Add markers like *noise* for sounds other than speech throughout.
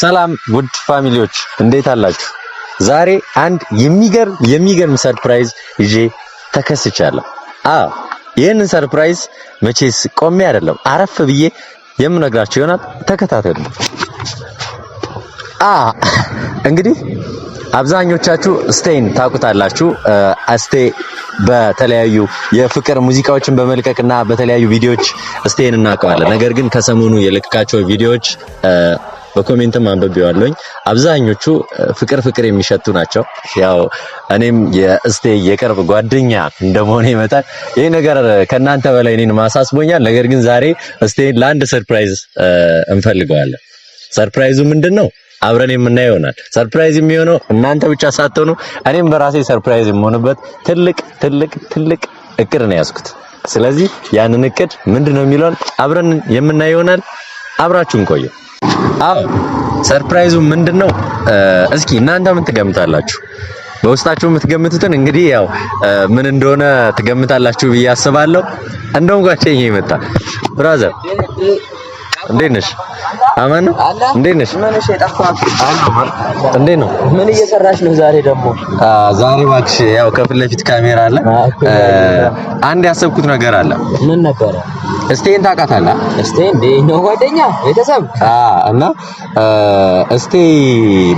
ሰላም ውድ ፋሚሊዎች እንዴት አላችሁ? ዛሬ አንድ የሚገርም የሚገርም ሰርፕራይዝ ይዤ ተከስቻለሁ። አዎ ይህንን ሰርፕራይዝ መቼስ ቆሜ አይደለም አረፍ ብዬ የምነግራችሁ ይሆናል። ተከታተሉ። አ እንግዲህ አብዛኞቻችሁ ስቴን ታውቁታላችሁ። እስቴ በተለያዩ የፍቅር ሙዚቃዎችን በመልቀቅና በተለያዩ ቪዲዮዎች ስቴን እናውቀዋለን። ነገር ግን ከሰሞኑ የለቀቃቸው ቪዲዮዎች በኮሜንትም አንብቤዋለሁኝ አብዛኞቹ ፍቅር ፍቅር የሚሸቱ ናቸው። ያው እኔም የእስቴ የቅርብ ጓደኛ እንደመሆነ ይመጣል ይህ ነገር ከእናንተ በላይ እኔን ማሳስቦኛል። ነገር ግን ዛሬ እስቴን ለአንድ ሰርፕራይዝ እንፈልገዋለን። ሰርፕራይዙ ምንድን ነው? አብረን የምናየው ይሆናል። ሰርፕራይዝ የሚሆነው እናንተ ብቻ ሳትሆኑ እኔም በራሴ ሰርፕራይዝ የምሆንበት ትልቅ ትልቅ ትልቅ እቅድ ነው ያዝኩት። ስለዚህ ያንን እቅድ ምንድን ነው የሚለውን አብረን የምናየው ይሆናል። አብራችሁን ቆዩ። አዎ ሰርፕራይዙ ምንድን ነው? እስኪ እናንተ ምን ትገምታላችሁ? በውስጣችሁ የምትገምቱትን እንግዲህ ያው ምን እንደሆነ ትገምታላችሁ ብዬ አስባለሁ። እንደውም ጓደኛዬ ይመጣ ብራዘር እንዴት ነሽ? አማን ነው። እንዴት ነሽ? እንዴት ነው? ምን እየሰራሽ ነው ዛሬ ደግሞ? ዛሬ እባክሽ ያው ከፊት ለፊት ካሜራ አለ። አንድ ያሰብኩት ነገር አለ። ምን ነበረ? እስቴን ታውቃታለህ? እስቴ እንዴ ነው ጓደኛ ቤተሰብ እና እስቴ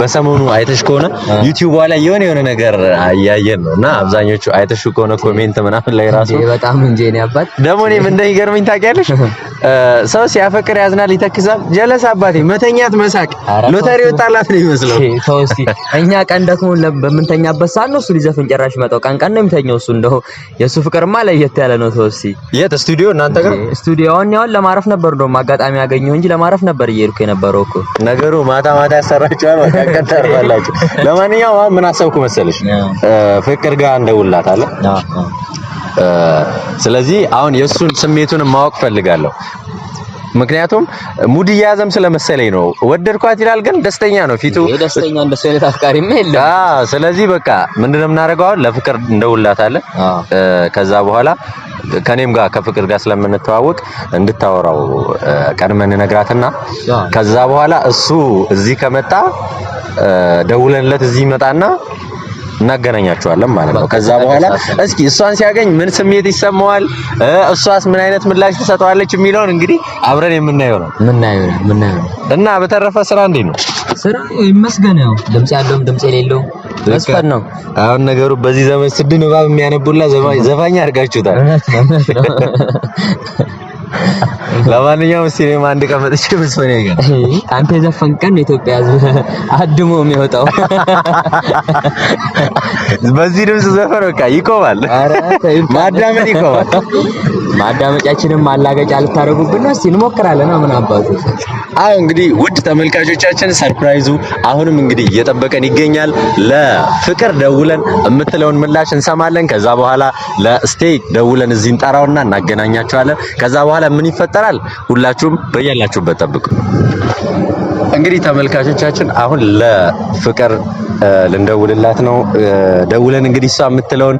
በሰሞኑ አይተሽ ከሆነ ዩቲዩብ ላይ የሆነ የሆነ ነገር እያየን ነው እና አብዛኞቹ አይተሽ ከሆነ ኮሜንት ምናምን ላይ ራሱ በጣም እንጂ እኔ አባት ደግሞ እኔም እንደሚገርመኝ ታውቂያለሽ፣ ሰው ሲያፈቅር ያዝናል፣ ይተክዛል። ጀለስ አባቴ መተኛት መሳቅ ሎተሪ ወጣላት ነው ይመስለው። ተው እስቲ እኛ ቀን ደክሞን በምንተኛበት ሰዓት ነው እሱ ሊዘፍን ጨራሽ መጣው። ቀን ቀን ነው የሚተኛው እሱ። እንደው የእሱ ፍቅርማ ለየት ያለ ነው። ተው እስቲ የት ስቱዲዮ እናንተ ጋር ስቱዲዮውን ያው ለማረፍ ነበር እንደውም አጋጣሚ ያገኘው እንጂ ለማረፍ ነበር እየሄድኩ የነበረው እኮ ነገሩ ማታ ማታ ያሰራችኋል ወጣቀን ለማንኛው ለማንኛውም ምን አሰብኩ መሰለሽ ፍቅር ጋር እንደውላት አለ። ስለዚህ አሁን የእሱን ስሜቱን ማወቅ ፈልጋለሁ። ምክንያቱም ሙድ እየያዘም ስለመሰለኝ ነው። ወደድኳት ይላል፣ ግን ደስተኛ ነው ፊቱ። ደስተኛ እንደሱ አይነት አፍቃሪም የለም። አዎ። ስለዚህ በቃ ምንድነው የምናደርገው አሁን ለፍቅር እንደውላታለን። ከዛ በኋላ ከኔም ጋር ከፍቅር ጋር ስለምንተዋወቅ እንድታወራው ቀድመን ነግራትና ከዛ በኋላ እሱ እዚህ ከመጣ ደውለንለት እዚህ ይመጣና እናገናኛቸዋለን ማለት ነው። ከዛ በኋላ እስኪ እሷን ሲያገኝ ምን ስሜት ይሰማዋል፣ እሷስ ምን አይነት ምላሽ ትሰጠዋለች የሚለውን እንግዲህ አብረን የምናየው ነው የምናየው ነው የምናየው እና በተረፈ ስራ እንዴት ነው? ስራ ይመስገን። ያው ድምጽ ያለውም ድምጽ የሌለው መስፈን ነው። አሁን ነገሩ በዚህ ዘመን ስድ ንባብ የሚያነቡላ ዘፋኝ አድርጋችሁታል። *laughs* ለማንኛውም እስቲ አንድ ቀን መጥቼ መስፈን ያገር አንተ የዘፈን ቀን ኢትዮጵያ ሕዝብ አድሞ የሚወጣው በዚህ ድምጽ ዘፈን በቃ ይቆማል፣ ማዳመጥ ይቆማል። ማዳመጫችንን ማላገጫ ልታደርጉብን ነው። እስቲ እንሞክራለን። ምን አባቱ አዎ፣ እንግዲህ ውድ ተመልካቾቻችን ሰርፕራይዙ አሁንም እንግዲህ እየጠበቀን ይገኛል። ለፍቅር ደውለን የምትለውን ምላሽ እንሰማለን። ከዛ በኋላ ለስቴ ደውለን እዚህ እንጠራውና እናገናኛቸዋለን። ከዛ በኋላ ምን ይፈጠራል? ይፈጠራል። ሁላችሁም በያላችሁበት ጠብቁ። እንግዲህ ተመልካቾቻችን አሁን ለፍቅር ልንደውልላት ነው። ደውለን እንግዲህ እሷ የምትለውን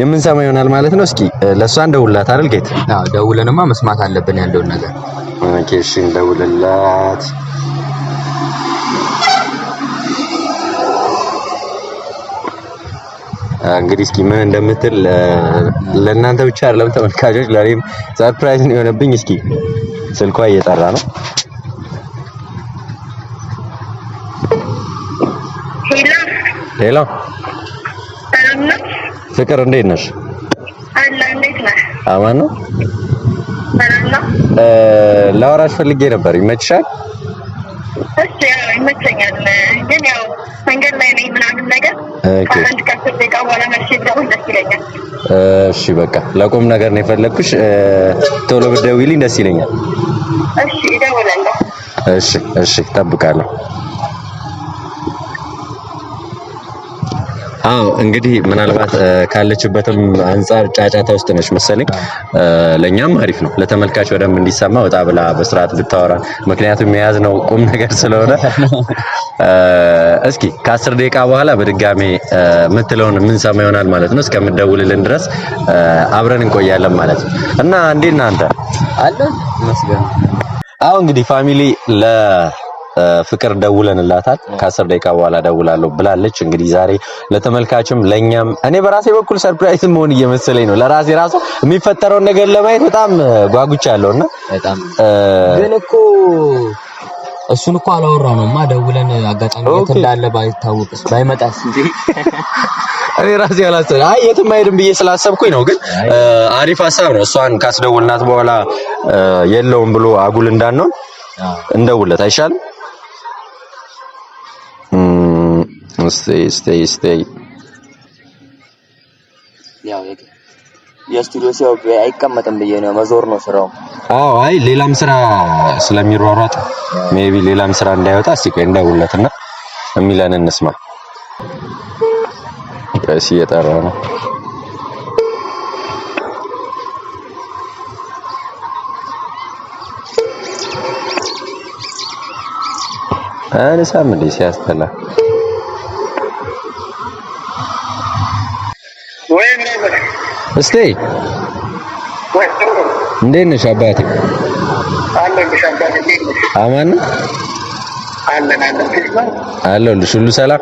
የምንሰማ ይሆናል ማለት ነው። እስኪ ለእሷ እንደውልላት አይደል ጌት? አዎ ደውለንማ መስማት አለብን ያለውን ነገር። እሺ እንደውልላት እንግዲህ እስኪ ምን እንደምትል ለእናንተ ብቻ አይደለም ተመልካቾች፣ ለእኔም ሰርፕራይዝ ነው የሆነብኝ። እስኪ ስልኳ እየጠራ ነው። ሄሎ ፍቅር፣ እንዴት ነሽ? አማን ነው። ላወራሽ ፈልጌ ነበር። ይመችሻል? እሺ ያው ይመቸኛል፣ ግን ያው መንገድ ላይ ነኝ ምናምን ነገር ደስ እሺ በቃ ለቁም ነገር ነው የፈለግኩሽ። ቶሎ ብትደውይልኝ ደስ ይለኛል። እሺ እደውላለሁ። እሺ እሺ፣ እጠብቃለሁ። አዎ እንግዲህ ምናልባት ካለችበትም አንጻር ጫጫታ ውስጥ ነች መሰለኝ። ለእኛም አሪፍ ነው፣ ለተመልካች በደንብ እንዲሰማ ወጣ ብላ በስርዓት ብታወራ፣ ምክንያቱም የያዝ ነው ቁም ነገር ስለሆነ እስኪ ከአስር ደቂቃ በኋላ በድጋሜ የምትለውን የምንሰማ ይሆናል ማለት ነው። እስከምደውልልን ድረስ አብረን እንቆያለን ማለት ነው እና እንዴት ነህ አለ አዎ እንግዲህ ፋሚሊ ለ ፍቅር ደውለንላታል። ከአስር ደቂቃ በኋላ ደውላለሁ ብላለች። እንግዲህ ዛሬ ለተመልካችም ለኛም እኔ በራሴ በኩል ሰርፕራይዝ መሆን እየመሰለኝ ነው። ለራሴ ራሱ የሚፈጠረውን ነገር ለማየት በጣም ጓጉቻለሁና በጣም ግን እኮ እሱን እኮ አላወራ ነው ማ ደውለን አጋጣሚ የት እንዳለ ባይታወቅስ ባይመጣስ *laughs* እኔ ራሴ ያላሰብ አይ የትም አይሄድም ብዬ ስላሰብኩኝ ነው። ግን አሪፍ ሀሳብ ነው። እሷን ካስደውልናት በኋላ የለውም ብሎ አጉል እንዳንሆን እንደውለት አይሻልም? stay, stay, stay. የስቱዲዮ ሰው አይቀመጥም ብዬ ነው። መዞር ነው ስራው። አዎ፣ አይ ሌላም ስራ ስለሚሯሯጥ ሜቢ ሌላም ስራ እንዳይወጣ እስቲ ቆይ እንደውለትና የሚለን እንስማ። ቀስ እየጠራ ነው። አንሳም እንዴ ሲያስተላ እስቲ እንዴት ነሽ አባቴ? አማን አለሁልሽ። ሁሉ ሰላም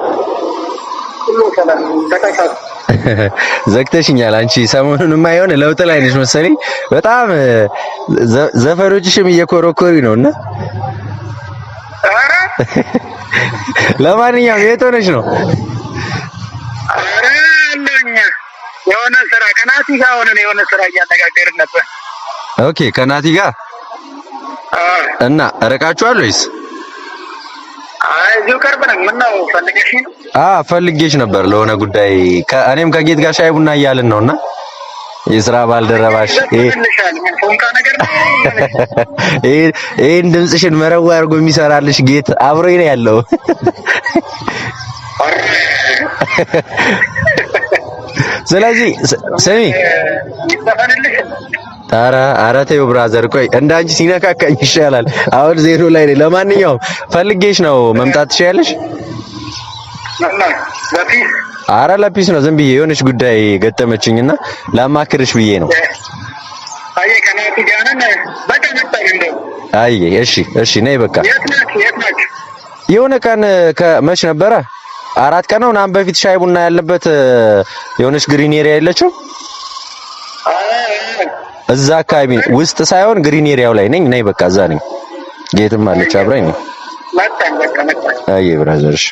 ዘግተሽኛል። አንቺ ሰሞኑንማ የማይሆን ለውጥ ላይ ነሽ መሰለኝ። በጣም ዘፈኖችሽም እየኮረኮሪ ነው እና ለማንኛውም የት ሆነሽ ነው? ከናቲ ጋር የሆነ ስራ እያነጋገርን ነበር። ኦኬ ከናቲ ጋር እና ርቃችኋል ወይስ? እዚሁ ቅርብ ነን። ምነው ፈልገሽ ነው? አዎ ፈልጌሽ ነበር ለሆነ ጉዳይ። እኔም ከጌት ጋር ሻይ ቡና እያልን ነውና የስራ ባልደረባሽ *laughs* ይሄን ድምፅሽን መረዋ አድርጎ የሚሰራልሽ ጌት አብሮኝ ነው ያለው። ስለዚህ ስሚ ኧረ ኧረ ተይው ብራዘር፣ ቆይ እንዳንቺ ሲነካካኝ ይሻላል። አሁን ዜሮ ላይ ነኝ። ለማንኛውም ፈልጌሽ ነው መምጣት ትችያለሽ? ኧረ ለፒስ ነው ዝም ብዬ የሆነች ጉዳይ ገጠመችኝና ላማክርሽ ብዬ ነው። አይ ከናቲ በቃ አይ እሺ፣ እሺ ነይ በቃ የሆነ ቀን ከመች ነበረ አራት ቀን ነው ምናምን በፊት ሻይ ቡና ያለበት የሆነች ግሪን ኤሪያ የለችው እዛ አካባቢ ውስጥ ሳይሆን ግሪን ኤሪያው ላይ ነኝ። ነይ በቃ እዛ ነኝ። ጌትም አለች አብራኝ ነው። አይ ብራዘርሽ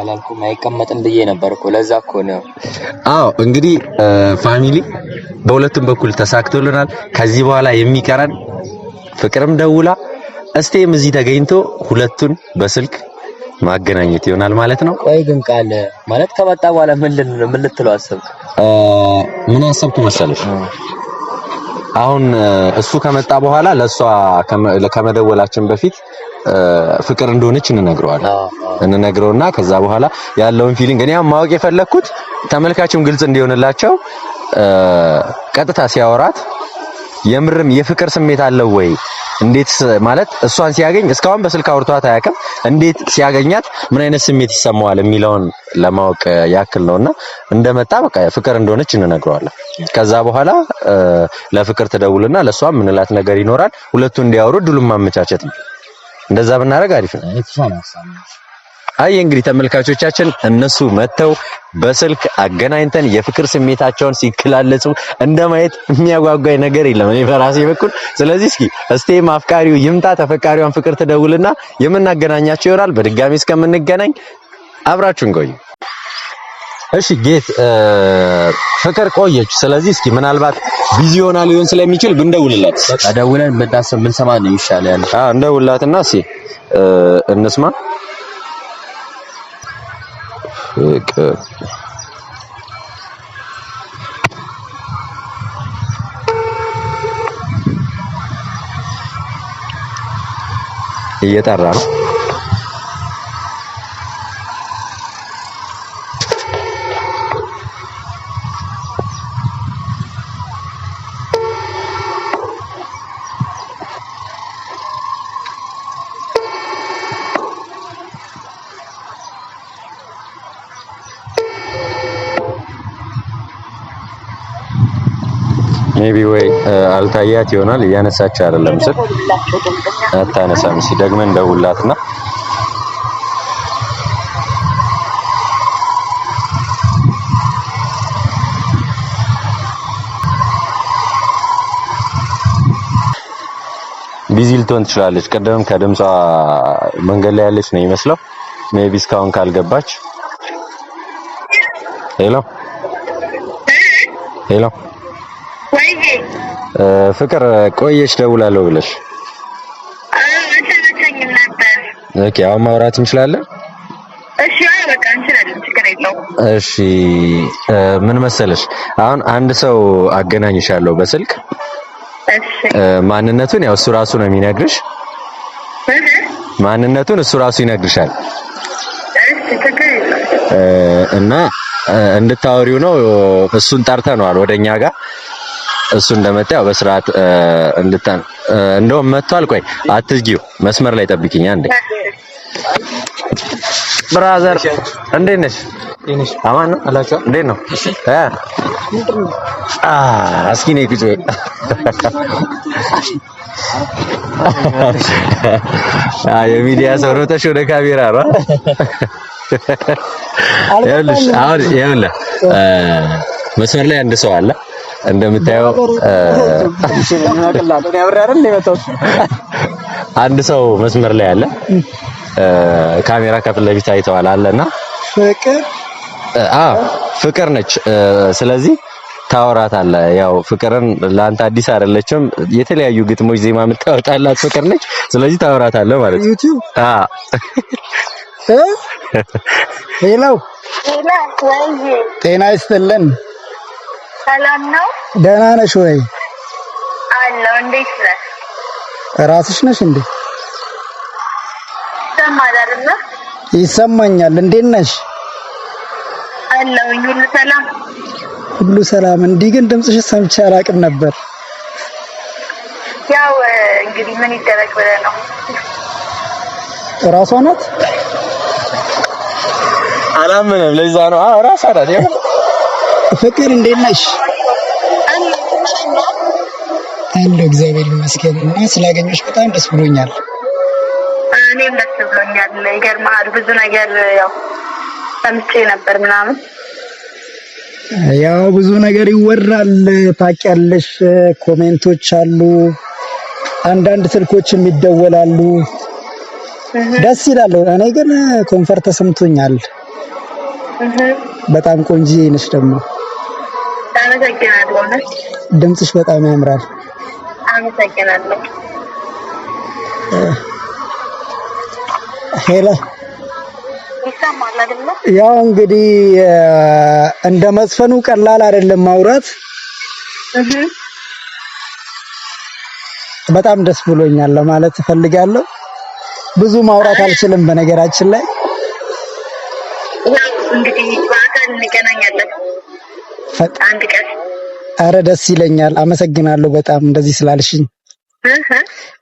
አላልኩም አይቀመጥም ብዬ ነበር እኮ ለዛ እኮ ነው። አዎ እንግዲህ ፋሚሊ በሁለቱም በኩል ተሳክቶልናል። ከዚህ በኋላ የሚቀረን ፍቅርም ደውላ እስቴም እዚህ ተገኝቶ ሁለቱን በስልክ ማገናኘት ይሆናል ማለት ነው። ቆይ ግን ቃል ማለት ከመጣ በኋላ ምን ምን ልትለው አሰብክ? ምን አሰብኩ መሰለሽ አሁን እሱ ከመጣ በኋላ ለሷ ከመደወላችን በፊት ፍቅር እንደሆነች እንነግረዋል እንነግረውና ከዛ በኋላ ያለውን ፊሊንግ እኔ ማወቅ የፈለግኩት ተመልካችም ግልጽ እንዲሆንላቸው ቀጥታ ሲያወራት የምርም የፍቅር ስሜት አለው ወይ እንዴት ማለት እሷን ሲያገኝ እስካሁን በስልክ አውርቷት አያውቅም። እንዴት ሲያገኛት ምን አይነት ስሜት ይሰማዋል የሚለውን ለማወቅ ያክል ነውና እንደመጣ በቃ ፍቅር እንደሆነች እንነግረዋለን። ከዛ በኋላ ለፍቅር ትደውልና ለሷ ምንላት ነገር ይኖራል። ሁለቱ እንዲያወሩ ድሉን ማመቻቸት ነው። እንደዛ ብናደርግ አሪፍ ነው። አይ እንግዲህ ተመልካቾቻችን እነሱ መጥተው በስልክ አገናኝተን የፍቅር ስሜታቸውን ሲክላለጹ እንደማየት የሚያጓጓኝ ነገር የለም እኔ በራሴ በኩል። ስለዚህ እስኪ እስቴ አፍቃሪው ይምጣ ተፈቃሪዋን ፍቅር ትደውልና የምናገናኛቸው ይሆናል። በድጋሚ እስከምንገናኝ አብራችሁን ቆዩ። እሺ ጌት ፍቅር ቆየች። ስለዚህ እስኪ ምናልባት ቢዚ ሆና ሊሆን ስለሚችል ብንደውልላት፣ በቃ ደውለን ብንሰማ ነው ይሻላል። አዎ እንደውላትና እስኪ እንስማ። up. Iya, taruh. ሜቢ ወይ አልታያት ይሆናል እያነሳች አይደለም ስል አታነሳም። እስኪ ደግመን ደውላትና ቢዚ ልትሆን ትችላለች። ቀደም ከድምጿ መንገድ ላይ ያለች ነው ይመስለው። ሜቢ እስካሁን ካልገባች ሄሎ ሄሎ ፍቅር ቆየች ደውላለሁ ብለሽ ኦኬ። አሁን ማውራት እንችላለን? እሺ፣ በቃ እንችላለን። ችግር የለውም። እሺ፣ ምን መሰለሽ፣ አሁን አንድ ሰው አገናኝሻለሁ በስልክ ማንነቱን ያው እሱ ራሱ ነው የሚነግርሽ። ማንነቱን እሱ ራሱ ይነግርሻል እና እንድታወሪው ነው። እሱን ጠርተነዋል ወደኛ ጋር እሱ እንደመጣ ያው በስርዓት እንድታን እንደውም መጥቷል። ቆይ አትዝጊው፣ መስመር ላይ ጠብቂኝ አንዴ። ብራዘር እንዴት ነሽ? አማን ነው አላችሁ? እንዴት ነው? እስኪ ነይ ቁጭ በይ። የሚዲያ ሰው ነው ተሽ ወደ ካሜራ ነው ይኸውልሽ። አሁን ይኸውልህ መስመር ላይ አንድ ሰው አለ እንደምታየው አንድ ሰው መስመር ላይ አለ። ካሜራ ከፊት ለፊት አይተዋል አለና ፍቅር አ ፍቅር ነች። ስለዚህ ታወራታለህ። ያው ፍቅርን ለአንተ አዲስ አይደለችም። የተለያዩ ግጥሞች፣ ዜማ የምታወጣላት ፍቅር ነች። ስለዚህ ታወራታለህ ማለት ነው። ዩቲዩብ አ ሄሎ ጤና ይስጥልን ሰላም ነው? ደህና ነሽ ወይ? አለሁ። እንዴት ነሽ? ነሽ እንዴ? ይሰማል አይደለ? ይሰማኛል። እንዴት ነሽ? አለሁኝ። ሁሉ ሰላም፣ ሁሉ ሰላም። እንዲህ ግን ድምፅሽ ሰምቼ አላቅም ነበር። ያው እንግዲህ ምን ይደረግ ብለህ ነው። ናት። አላምንም። ለዛ ነው ራሷ ናት። ፍቅር እንዴት ነሽ? አለሁ እግዚአብሔር ይመስገን። እና ስላገኘሽ በጣም ደስ ብሎኛል። እኔም ደስ ብሎኛል። ይገርምሃል ብዙ ነገር ያው ሰምቼ ነበር ምናምን ያው ብዙ ነገር ይወራል ታውቂያለሽ። ኮሜንቶች አሉ፣ አንዳንድ ስልኮችም ይደወላሉ። ደስ ይላል። እኔ ግን ኮንፈርት ተሰምቶኛል። በጣም ቆንጆ ነሽ ደግሞ አመሰግናለሁ። ድምፅሽ በጣም ያምራል። አመሰግናለሁ። ሄላ ያው እንግዲህ እንደ መዝፈኑ ቀላል አይደለም ማውራት። በጣም ደስ ብሎኛል ለማለት እፈልጋለሁ። ብዙ ማውራት አልችልም በነገራችን ላይ እንግዲህ በአካል እንገናኛለን። አንድ ቀን። አረ ደስ ይለኛል። አመሰግናለሁ በጣም እንደዚህ ስላልሽኝ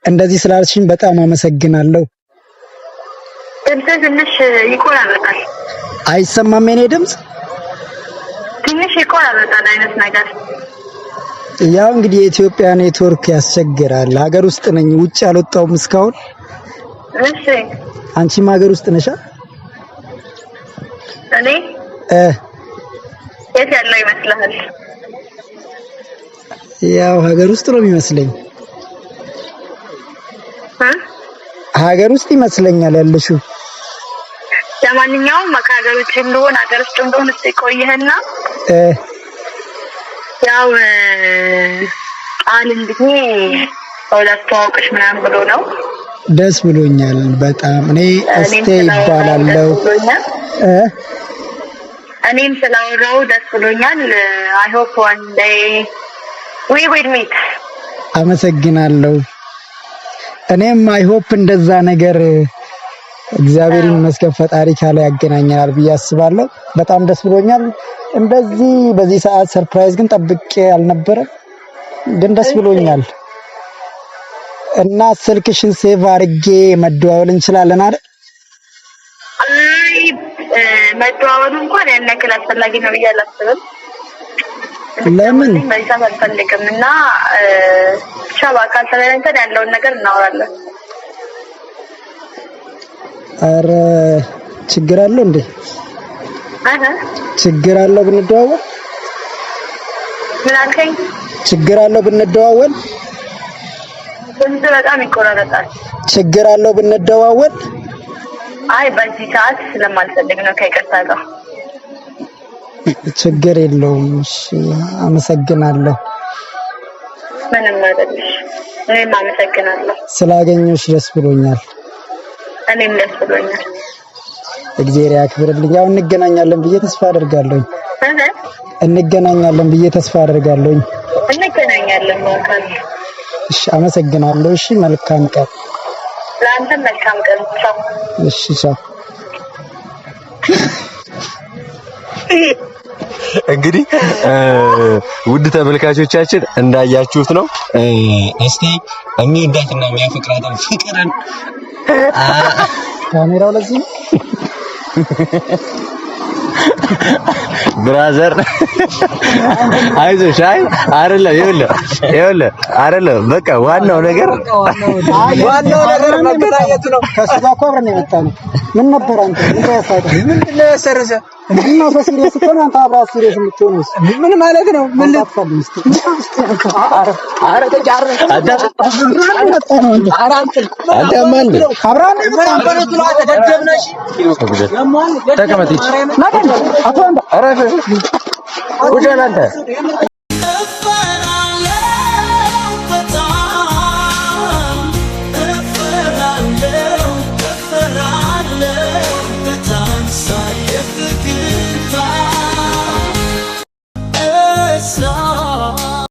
እንደዚህ ስላልሽኝ በጣም አመሰግናለሁ። ድምፅ ትንሽ ይቆራረጣል። አይሰማም? የኔ ድምፅ ትንሽ ይቆራረጣል አይነት ነገር። ያው እንግዲህ የኢትዮጵያ ኔትወርክ ያስቸግራል። ሀገር ውስጥ ነኝ፣ ውጭ አልወጣውም እስካሁን። እሺ አንቺም ሀገር ውስጥ ነሻ? እኔ የት ያለው ይመስልሃል? ያው ሀገር ውስጥ ነው የሚመስለኝ። ሀገር ውስጥ ይመስለኛል ያለሽው። ለማንኛውም ከሀገር ውጭ እንደሆነ ሀገር ውስጥ እንደሆነ እ ያው ቃል እንግዲህ ሁለተዋወቅሽ ምናምን ብሎ ነው። ደስ ብሎኛል በጣም እኔ እስቴ ይባላለው እኔም ስላወራው ደስ ብሎኛል። ሆፕ ዋን ዴይ ዊ ዊል ሚት። አመሰግናለሁ። እኔም አይሆፕ እንደዛ ነገር እግዚአብሔር ይመስገን ፈጣሪ ካለ ያገናኘናል ብዬ አስባለሁ። በጣም ደስ ብሎኛል። እንደዚህ በዚህ ሰዓት ሰርፕራይዝ ግን ጠብቄ አልነበረም፣ ግን ደስ ብሎኛል እና ስልክሽን ሴቭ አድርጌ መደዋወል እንችላለን አይደል? መደዋወሉ እንኳን ያን ያክል አስፈላጊ ነው ብዬ አላስብም። ለምን መሳት አልፈልግም እና ብቻ በአካል ተገናኝተን ያለውን ነገር እናወራለን። አረ ችግር አለው እንዴ? ችግር አለው ብንደዋወል? ምን አልከኝ? ችግር አለው ብንደዋወል? በጣም ይቆራረጣል። ችግር አለው ብንደዋወል አይ በዚህ ሰዓት ስለማልፈልግ ነው። ከይቅርታ ጋር ችግር የለውም። እሺ አመሰግናለሁ። ምንም አይደለሽ። እኔም አመሰግናለሁ። ስላገኘሁሽ ደስ ብሎኛል። እኔም ደስ ብሎኛል። እግዚአብሔር ያክብርልኝ። ያው እንገናኛለን ብዬ ተስፋ አደርጋለሁ። እንገናኛለን ብዬ ተስፋ አደርጋለሁ። እንገናኛለን። እሺ አመሰግናለሁ። እሺ መልካም ቀን ለአንተም መልካም ቀን። ሰው እሺ፣ ሰው እንግዲህ ውድ ተመልካቾቻችን እንዳያችሁት ነው። እስቲ የሚወዳትና የሚያፈቅራትን ፍቅርን ካሜራው ለዚህ ብራዘር አይዞሽ። አይ አይደለም፣ ይኸውልህ ይኸውልህ፣ አይደለም በቃ ዋናው ነገር ዋናው ነገር መገናኘቱ ነው። ከሱ ጋር እኮ አብረን የመጣ ነው። ምን ነበር አንተ? ምን ያሰረዘ ምንድነው ሰው ሲሪየስ ከሆነ አንተ አብራት ሲሪየስ የምትሆነው ምን ማለት ነው? ምን ልትፈልግ እስቲ? አረ አረ